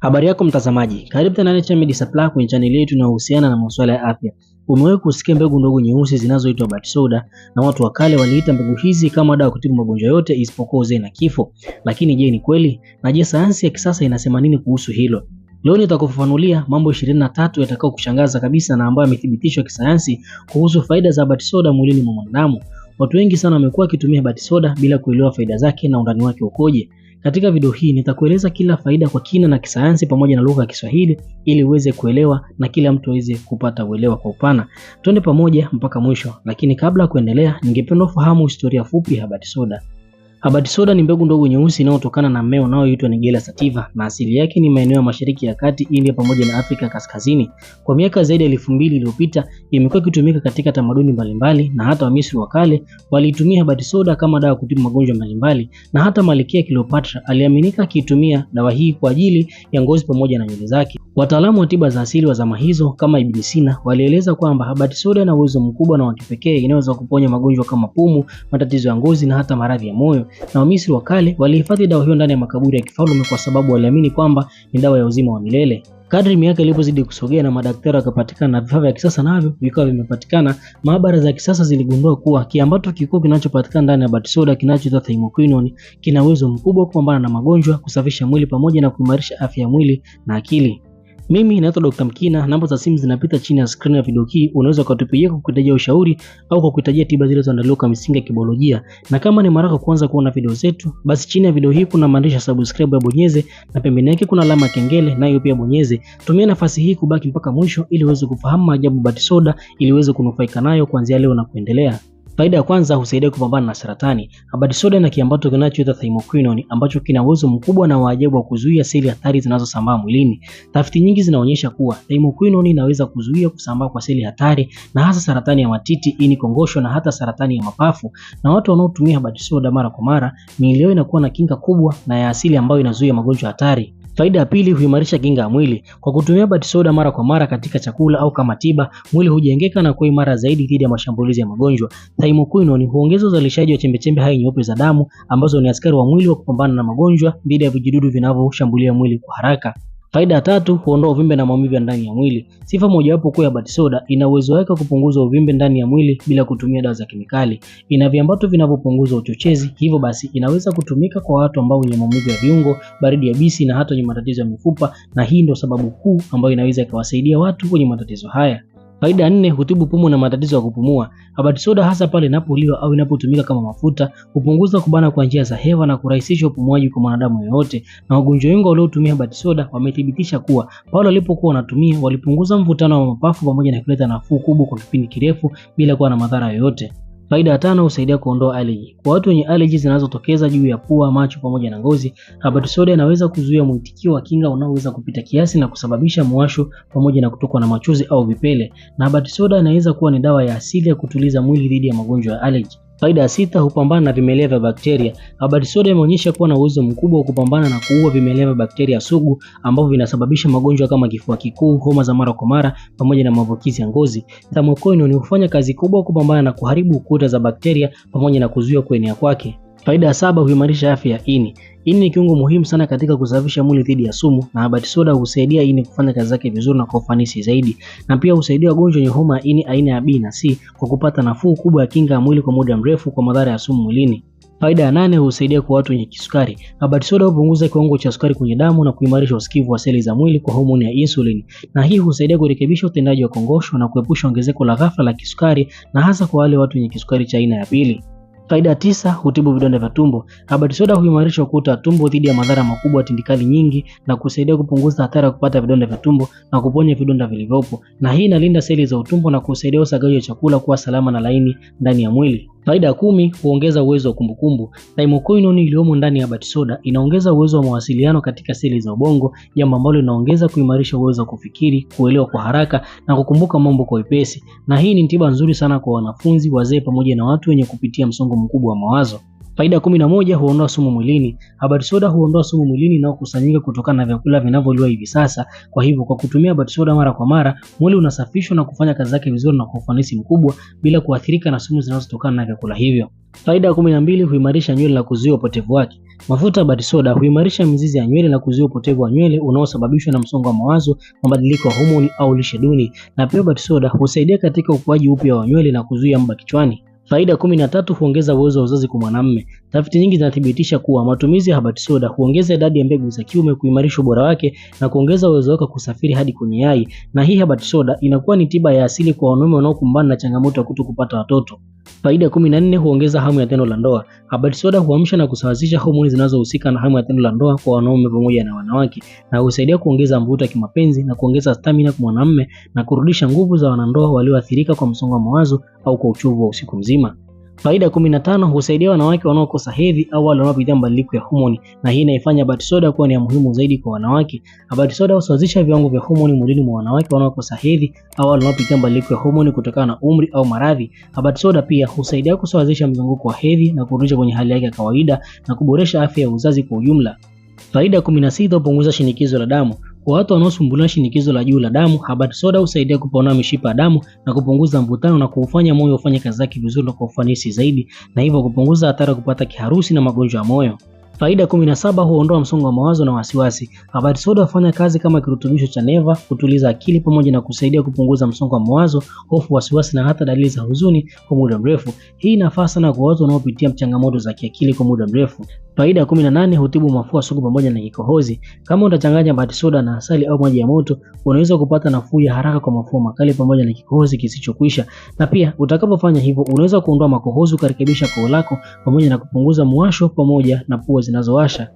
Habari yako mtazamaji, karibu tena Naturemed Media Supply kwenye chaneli yetu inayohusiana na masuala ya afya. Umewahi kusikia mbegu ndogo nyeusi zinazoitwa bat soda, na watu wa kale waliita mbegu hizi kama dawa kutibu magonjwa yote isipokuwa uzee na kifo. Lakini je, ni kweli? Na je, sayansi ya kisasa inasema nini kuhusu hilo? Leo nitakufafanulia mambo 23 yatakao kushangaza kabisa na ambayo yamethibitishwa kisayansi kuhusu faida za bat soda mwilini mwa mwanadamu. Watu wengi sana wamekuwa wakitumia bat soda bila kuelewa faida zake na undani wake ukoje. Katika video hii nitakueleza kila faida kwa kina na kisayansi pamoja na lugha ya Kiswahili ili uweze kuelewa na kila mtu aweze kupata uelewa kwa upana. Twende pamoja mpaka mwisho, lakini kabla ya kuendelea, ningependa ufahamu historia fupi ya Habari Soda. Habati soda ni mbegu ndogo nyeusi inayotokana na mmea unaoitwa Nigella sativa na asili yake ni maeneo ya Mashariki ya Kati, India pamoja na Afrika Kaskazini. Kwa miaka zaidi ya elfu mbili iliyopita imekuwa ikitumika katika tamaduni mbalimbali, na hata Wamisri wa kale waliitumia habati soda kama dawa kutibu magonjwa mbalimbali, na hata Malkia Cleopatra aliaminika akiitumia dawa hii kwa ajili ya ngozi pamoja na nywele zake. Wataalamu wa tiba za asili wa zama hizo kama Ibn Sina walieleza kwamba habati soda ina uwezo mkubwa na wa kipekee, inaweza kuponya magonjwa kama pumu, matatizo ya ngozi na hata maradhi ya moyo na Wamisri wa kale walihifadhi dawa hiyo ndani ya makaburi ya kifalme kwa sababu waliamini kwamba ni dawa ya uzima wa milele. Kadri miaka ilipozidi kusogea na madaktari wakapatikana na vifaa vya kisasa navyo vikawa vimepatikana, maabara za kisasa ziligundua kuwa kiambato kikuu kinachopatikana ndani ya batisoda kinachoitwa thymoquinone kina uwezo mkubwa kupambana na magonjwa, kusafisha mwili pamoja na kuimarisha afya ya mwili na akili. Mimi naitwa Dr. Mkina, namba za simu zinapita chini ya skrini ya video hii. Unaweza ukatupigia kwa kuhitajia ushauri au kwa kuhitajia tiba zilizoandaliwa kwa misingi ya kibiolojia. Na kama ni mara yako kwanza kuona video zetu, basi chini ya video hii kuna maandishi ya subscribe ya bonyeze, na pembeni yake kuna alama ya kengele nayo pia bonyeze. Tumia nafasi hii kubaki mpaka mwisho ili uweze kufahamu maajabu Batisoda ili uweze kunufaika nayo kuanzia leo na kuendelea. Faida ya kwanza, husaidia kupambana na saratani. Abatisoda na kiambato kinachoitwa thymoquinone ambacho kina uwezo mkubwa na waajabu wa kuzuia seli hatari zinazosambaa mwilini. Tafiti nyingi zinaonyesha kuwa thymoquinone inaweza kuzuia kusambaa kwa seli hatari na hasa saratani ya matiti, ini, kongosho na hata saratani ya mapafu. Na watu wanaotumia abatisoda mara kwa mara, miili yao inakuwa na kinga kubwa na ya asili ambayo inazuia magonjwa hatari. Faida ya pili, huimarisha kinga ya mwili. Kwa kutumia batisoda mara kwa mara katika chakula au kama tiba, mwili hujengeka na kuwa imara zaidi dhidi ya mashambulizi ya magonjwa. Thymoquinone huongeza uzalishaji wa chembechembe hai nyeupe za damu ambazo ni askari wa mwili wa kupambana na magonjwa dhidi ya vijidudu vinavyoshambulia mwili kwa haraka. Faida ya tatu, huondoa uvimbe na maumivu ya ndani ya mwili. Sifa mojawapo kuu ya batisoda ina uwezo wake kupunguza uvimbe ndani ya mwili bila kutumia dawa za kemikali. Ina viambato vinavyopunguza uchochezi, hivyo basi inaweza kutumika kwa watu ambao wenye maumivu ya viungo, baridi ya bisi na hata wenye matatizo ya mifupa, na hii ndio sababu kuu ambayo inaweza ikawasaidia watu wenye matatizo haya. Faida nne, hutibu pumu na matatizo ya kupumua. Habati soda hasa pale inapoliwa au inapotumika kama mafuta hupunguza kubana kwa njia za hewa na kurahisisha upumuaji kwa mwanadamu yoyote, na wagonjwa wengi waliotumia habati soda wamethibitisha kuwa pale walipokuwa wanatumia walipunguza mvutano wa mapafu pamoja na kuleta nafuu kubwa kwa kipindi kirefu bila kuwa na madhara yoyote. Faida ya tano, husaidia kuondoa allergy. Kwa watu wenye allergy zinazotokeza juu ya pua, macho pamoja na ngozi, Habat soda inaweza kuzuia mwitikio wa kinga unaoweza kupita kiasi na kusababisha muwasho pamoja na kutokwa na machozi au vipele. Na Habat soda inaweza kuwa ni dawa ya asili ya kutuliza mwili dhidi ya magonjwa ya allergy. Faida ya sita, hupambana na vimelea vya bakteria. Habari soda imeonyesha kuwa na uwezo mkubwa wa kupambana na kuua vimelea vya bakteria sugu ambavyo vinasababisha magonjwa kama kifua kikuu, homa za mara kwa mara pamoja na maambukizi ya ngozi. ni hufanya kazi kubwa kupambana na kuharibu kuta za bakteria pamoja na kuzuia kuenea kwake. Faida ya saba, huimarisha afya ya ini. Ini ni kiungo muhimu sana katika kusafisha mwili dhidi ya sumu na habati soda husaidia ini kufanya kazi zake vizuri na kwa ufanisi zaidi, na pia husaidia wagonjwa wenye homa ya ini aina ya B na C kwa kupata nafuu kubwa ya kinga ya mwili kwa muda mrefu kwa madhara ya sumu mwilini. Faida ya nane, husaidia kwa watu wenye kisukari. Habati soda hupunguza kiwango cha sukari kwenye damu na kuimarisha usikivu wa seli za mwili kwa homoni ya insulin, na hii husaidia kurekebisha utendaji wa kongosho na kuepusha ongezeko la ghafla la kisukari, na hasa kwa wale watu wenye kisukari cha aina ya pili. Faida tisa, hutibu vidonda vya tumbo. Herbal soda huimarisha ukuta wa tumbo dhidi ya madhara makubwa ya tindikali nyingi na kusaidia kupunguza hatari ya kupata vidonda vya tumbo na kuponya vidonda vilivyopo, na hii inalinda seli za utumbo na kusaidia usagaji wa chakula kuwa salama na laini ndani ya mwili. Faida ya kumi, huongeza uwezo wa kumbukumbu. Thymoquinone iliyomo ndani ya batisoda inaongeza uwezo wa mawasiliano katika seli za ubongo, jambo ambalo linaongeza kuimarisha uwezo wa kufikiri, kuelewa kwa haraka na kukumbuka mambo kwa wepesi, na hii ni tiba nzuri sana kwa wanafunzi, wazee pamoja na watu wenye kupitia msongo mkubwa wa mawazo. Faida kumi na moja, huondoa sumu mwilini. Habari soda huondoa sumu mwilini inayokusanyika kutokana na vyakula vinavyoliwa hivi sasa. Kwa hivyo, kwa kutumia habari soda mara kwa mara, mwili unasafishwa na kufanya kazi zake vizuri na kwa ufanisi mkubwa bila kuathirika na sumu zinazotokana na vyakula hivyo. Faida ya kumi na mbili, huimarisha nywele na kuzuia upotevu wake. Mafuta ya soda huimarisha mizizi ya nywele na kuzuia upotevu wa nywele unaosababishwa na msongo wa mawazo, mabadiliko ya homoni au lishe duni. Na pia soda husaidia katika ukuaji upya wa nywele na kuzuia mba kichwani. Faida kumi na tatu, huongeza uwezo wa uzazi kwa mwanamume. Tafiti nyingi zinathibitisha kuwa matumizi ya habati soda huongeza idadi ya mbegu za kiume, kuimarisha ubora wake na kuongeza uwezo wake kusafiri hadi kwenye yai, na hii habati soda inakuwa ni tiba ya asili kwa wanaume wanaokumbana na changamoto ya kuto kupata watoto. Faida ya kumi na nne huongeza hamu ya tendo la ndoa. Habati soda huamsha na kusawazisha homoni zinazohusika na hamu ya tendo la ndoa kwa wanaume pamoja na wanawake, na husaidia kuongeza mvuto wa kimapenzi na kuongeza stamina kwa mwanamume na kurudisha nguvu za wanandoa walioathirika kwa msongo wa mawazo au kwa uchovu wa usiku mzima. Faida ya kumi na tano, husaidia wanawake wanaokosa hedhi au wale wanaopitia mabadiliko ya homoni, na hii inaifanya bath Soda kuwa ni ya muhimu zaidi kwa wanawake. Bath Soda husawazisha viwango vya homoni mwilini mwa wanawake wanaokosa hedhi au wale wanaopitia mabadiliko ya homoni kutokana na umri au maradhi. Bath Soda pia husaidia kusawazisha mzunguko wa hedhi na kurudisha kwenye hali yake ya kawaida na kuboresha afya ya uzazi kwa ujumla. Faida 16 na hupunguza shinikizo la damu. Kwa watu wanaosumbuliwa shinikizo la juu la damu, Habat soda husaidia kupanua mishipa ya damu na kupunguza mvutano na kuufanya moyo ufanye kazi zake vizuri na kwa ufanisi zaidi, na hivyo kupunguza hatari ya kupata kiharusi na magonjwa ya moyo. Faida kumi na saba huondoa msongo wa mawazo na wasiwasi. Habat soda hufanya kazi kama kirutubisho cha neva, kutuliza akili pamoja na kusaidia kupunguza msongo wa mawazo, hofu, wasiwasi na hata dalili za huzuni kwa muda mrefu. Hii inafaa sana kwa watu wanaopitia changamoto za kiakili kwa muda mrefu. Faida ya 18 hutibu mafua sugu pamoja na kikohozi. Kama utachanganya baking soda na asali au maji ya moto, unaweza kupata nafuu ya haraka kwa mafua makali pamoja na kikohozi kisichokwisha. Na pia utakapofanya hivyo, unaweza kuondoa makohozi, ukarekebisha koo lako pamoja na kupunguza muwasho pamoja na pua zinazowasha.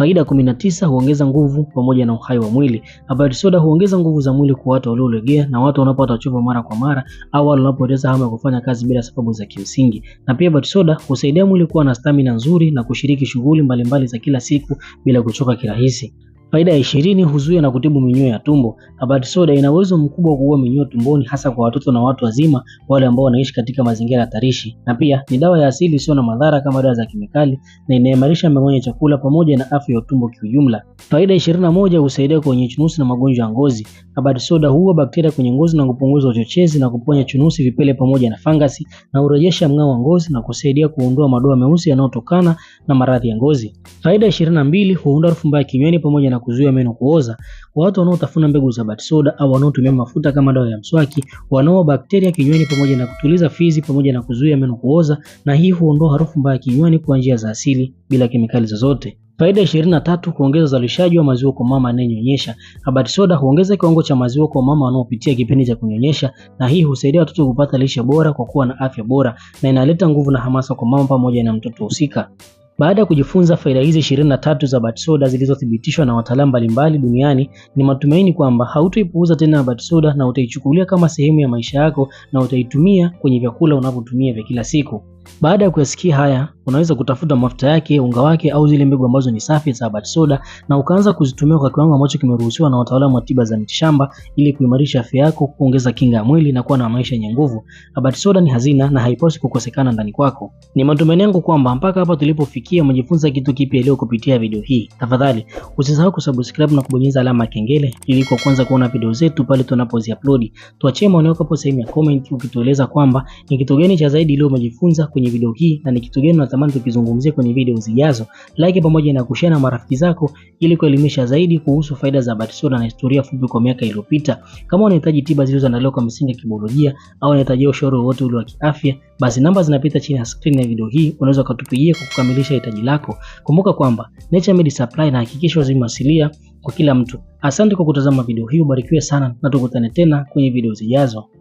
Faida ya kumi tisa huongeza nguvu pamoja na uhai wa mwili. Habari soda huongeza nguvu za mwili kwa watu waliolegea na watu wanaopata uchovu mara kwa mara au wale wanapoteza hamu ya kufanya kazi bila sababu za kimsingi. Na pia habari soda husaidia mwili kuwa na stamina nzuri na kushiriki shughuli mbalimbali za kila siku bila kuchoka kirahisi. Faida ya ishirini, huzuia na kutibu minyoo ya tumbo. Habati soda ina uwezo mkubwa wa kuua minyoo tumboni, hasa kwa watoto na watu wazima, wale ambao wanaishi katika mazingira hatarishi, na pia ni dawa ya asili isiyo na madhara kama dawa za kemikali, na inaimarisha mmeng'enyo wa chakula pamoja na afya ya tumbo kiujumla. Faida ishirini na moja, husaidia kwenye chunusi na magonjwa ya ngozi. Habati soda huua bakteria kwenye ngozi na kupunguza uchochezi na kuponya chunusi, vipele pamoja na fangasi, na hurejesha mng'ao wa ngozi na kusaidia kuondoa madoa meusi yanayotokana na maradhi ya ngozi. Faida ishirini na mbili, huondoa harufu mbaya kinywani pamoja na kuzuia meno kuoza. Kwa watu wanaotafuna mbegu za bati soda au wanaotumia mafuta kama dawa ya mswaki, wanaoa bakteria kinywani pamoja na kutuliza fizi pamoja na kuzuia meno kuoza, na hii huondoa harufu mbaya kinywani kwa njia za asili bila kemikali zozote. Faida ishirini na tatu: kuongeza uzalishaji wa maziwa kwa mama anayenyonyesha. Abati soda huongeza kiwango cha maziwa kwa mama wanaopitia kipindi cha kunyonyesha, na hii husaidia watoto kupata lishe bora kwa kuwa na afya bora, na inaleta nguvu na hamasa kwa mama pamoja na mtoto husika. Baada ya kujifunza faida hizi 23 za bat soda zilizothibitishwa na wataalamu mbalimbali duniani, ni matumaini kwamba hautoipuuza tena bat soda na utaichukulia kama sehemu ya maisha yako na utaitumia kwenye vyakula unavyotumia vya kila siku. Baada ya kuyasikia haya, unaweza kutafuta mafuta yake, unga wake au zile mbegu ambazo ni safi za habati soda na ukaanza kuzitumia kwa kiwango ambacho kimeruhusiwa na wataalamu wa tiba za mitishamba ili kuimarisha afya yako, kuongeza kinga ya mwili na kuwa na maisha yenye nguvu. Habati soda ni hazina na haipaswi kukosekana ndani kwako. Ni matumaini yangu kwamba mpaka hapa tulipofikia umejifunza kitu kipya leo kupitia video hii. Tafadhali usisahau kusubscribe na kubonyeza alama ya kengele ili kwa kwanza kuona video zetu pale tunapoziupload. Tuachie maoni yako hapo sehemu ya comment ukitueleza kwamba ni kitu gani cha zaidi leo umejifunza kwenye video hii na ni kitu gani unatamani tukizungumzie kwenye video zijazo. Like pamoja na kushare na marafiki zako ili kuelimisha zaidi kuhusu faida za Batisora na historia fupi kwa miaka iliyopita. Kama unahitaji tiba zilizoandaliwa kwa misingi ya kibiolojia au unahitaji ushauri wowote ule wa kiafya, basi namba zinapita chini ya screen ya video hii, unaweza ukatupigia kwa kukamilisha hitaji lako. Kumbuka kwamba Naturemed Supply na hakikisha wazimu asilia kwa kila mtu. Asante kwa kutazama video hii, ubarikiwe sana na tukutane tena kwenye video zijazo.